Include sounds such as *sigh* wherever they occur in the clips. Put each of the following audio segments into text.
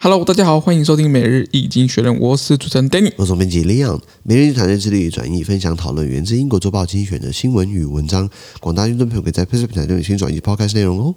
哈嘍大家好，歡迎收聽每日一經濟學人，我是主持人 Danny 我是編輯 Leon，每日一團隊致力轉譯分享討論源自英國周報精選的新聞與文章，廣大聽眾朋友可以在 PressPlay 平台進行轉譯 Podcast 內容哦。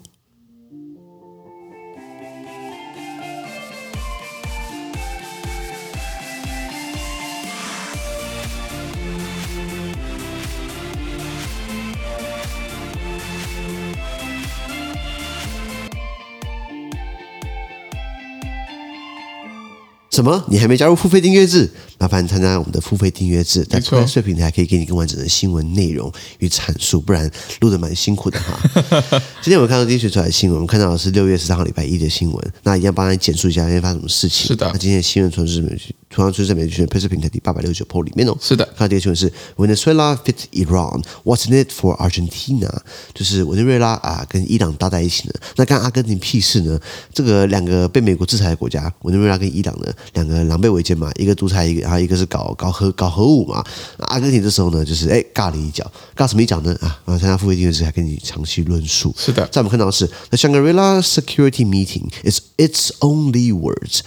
什麼？你還沒加入付費訂閱制？麻煩你參加我們的付費訂閱制，錯但是在 PressPlay 平台可以給你更完整的新聞內容與闡述，不然錄的蠻辛苦的哈。 *laughs* 今天我們看到第一學出來的新聞，我們看到的是六月十三號禮拜一的新聞，那一定要幫你簡述一下今天發生什麼事情。是的，那今天的新聞從日本去。同樣出現在美國新聞拍攝平台第八百六十九 po 裡面哦。是的，看到這個新聞是 *noise* Venezuela feat. Iran，What's in it for Argentina？就是委內瑞拉啊跟伊朗搭在一起呢，那幹阿根廷屁事呢？這個兩個被美國制裁的國家，委內瑞拉跟伊朗呢，兩個狼狽為奸嘛，一個獨裁，一個然後一個是搞搞核搞核武嘛。那阿根廷這時候呢，就是哎尬了一腳，尬什麼一腳呢？啊，然後我參加付費訂閱時還跟你詳細論述。是的，在我們看到的是 The Shangri-La Security Meeting is its only words，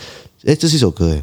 哎，這是一首歌哎。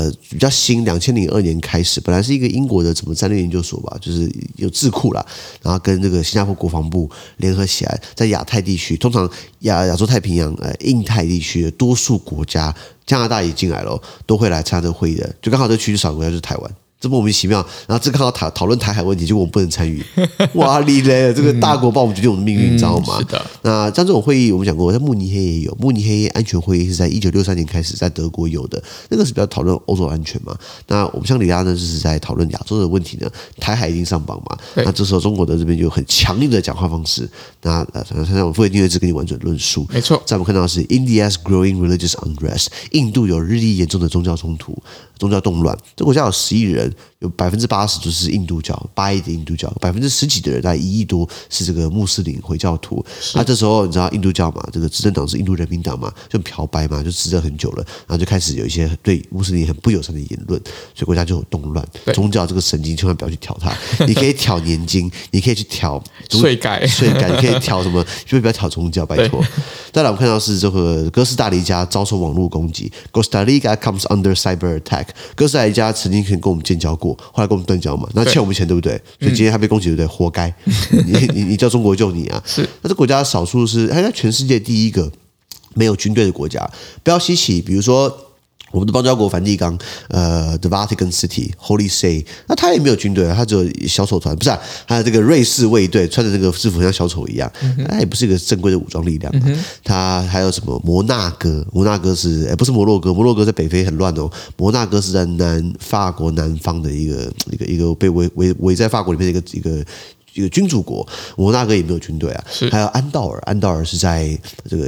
呃，比較新，2002年開始，本來是一個英國的什麼戰略研究所吧，就是有智庫啦，然後跟這個新加坡國防部聯合起來，在亞太地區，通常亞亞洲太平洋呃，印太地區的多數國家，加拿大也進來咯，都會來參加這個會議的，就剛好這區域少國家，就是台灣。這莫名其妙，然後這看到討討論台海問題，結果我們不能參與。哇你嘞，這個大國幫我們決定我們的命運，你、 *laughs* 嗯、知道嗎？是的。那像這種會議，我們講過，在慕尼黑也有，慕尼黑安全會議是在一九六三年開始在德國有的，那個是比較討論歐洲安全嘛。那我們香格里拉呢，就是在討論亞洲的問題呢。台海已經上榜嘛？嗯、那這時候中國的這邊就很強硬的講話方式。嗯、那呃，反正他讓我復位定位字跟你完整論述，沒錯。在我們看到的是 India's growing religious unrest，印度有日益嚴重的宗教衝突、宗教動亂，這國家有十億人。有百分之八十就是印度教，八億的印度教，百分之十幾的人在一億多是這個穆斯林回教徒。那是、啊、這時候你知道印度教嘛？這個執政黨是印度人民黨嘛？就漂白嘛？就執政很久了，然後就開始有一些對穆斯林很不友善的言論，所以國家就有動亂。對宗教這個神經千萬不要去挑它，你可以挑年金， *laughs* 你可以去挑稅改，稅改，你可以挑什麼，就是不要挑宗教，拜託。對再來，我們看到是這個哥斯大黎加遭受網絡攻擊，Costa Rica comes under cyber attack。對哥斯大黎加曾經可以跟我們建交過，後來跟我們斷交嘛，那欠我們錢對不對？對。所以今天他被攻擊，對不對？嗯、活該！你你你叫中國救你啊？ *laughs* 是那這國家的少數是，哎呀，全世界第一個沒有軍隊的國家，不要稀奇。比如說。我們的邦交國梵蒂岡，呃，The Vatican City，Holy See 那他也沒有軍隊啊，他只有小丑團，不是啊，還有這個瑞士衛隊，穿着這個制服像小丑一樣，那、嗯、哼也不是一個正規的武裝力量、啊。嗯、哼他還有什麼摩納哥？摩納哥是、欸，不是摩洛哥，摩洛哥在北非很亂哦。摩納哥是在南法國南方的一個一個一個,一個被圍圍圍在法國裡面的一個一個。有個君主國，摩納哥也沒有軍隊啊。是還有安道爾，安道爾是在這個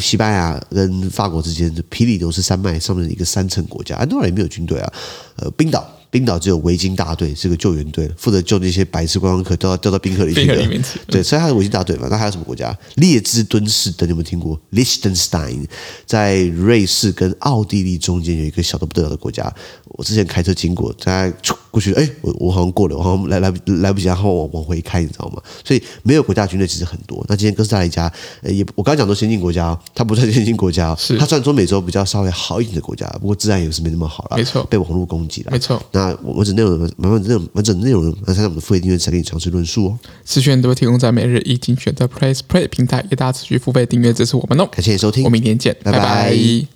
西班牙跟法國之間的比利牛斯山脈上面一個三層國家，安道爾也沒有軍隊啊。呃，冰島，冰島只有維京大隊是個救援隊，負責救那些白痴觀光客掉到掉到冰河裡去的。冰裡，對，所以他是維京大隊嘛。那還有什麼國家？列支敦士登，等你們聽過？Liechtenstein 在瑞士跟奧地利中間有一個小的不得了的國家，我之前開車經過，在。過去，誒，我我好像過了，我好像來來不來不及，然後我往,往回開，你知道嗎？所以沒有國家軍隊其實很多。那今天哥斯達黎加，也我剛,剛講都先進國家，它不算先進國家，是它算是中美洲比較稍微好一點的國家，不過自然也是沒那麼好了。沒錯，被網絡攻擊了。沒錯。那我完只內容的，完整內容，完整內容，要參加我們的付費訂閱才可以嘗試論述哦。資訊都會提供在每日一精選擇 PressPlay 平台，以及大持續付費訂閱支持我們哦。感謝你收聽，我們明天見，拜拜。拜拜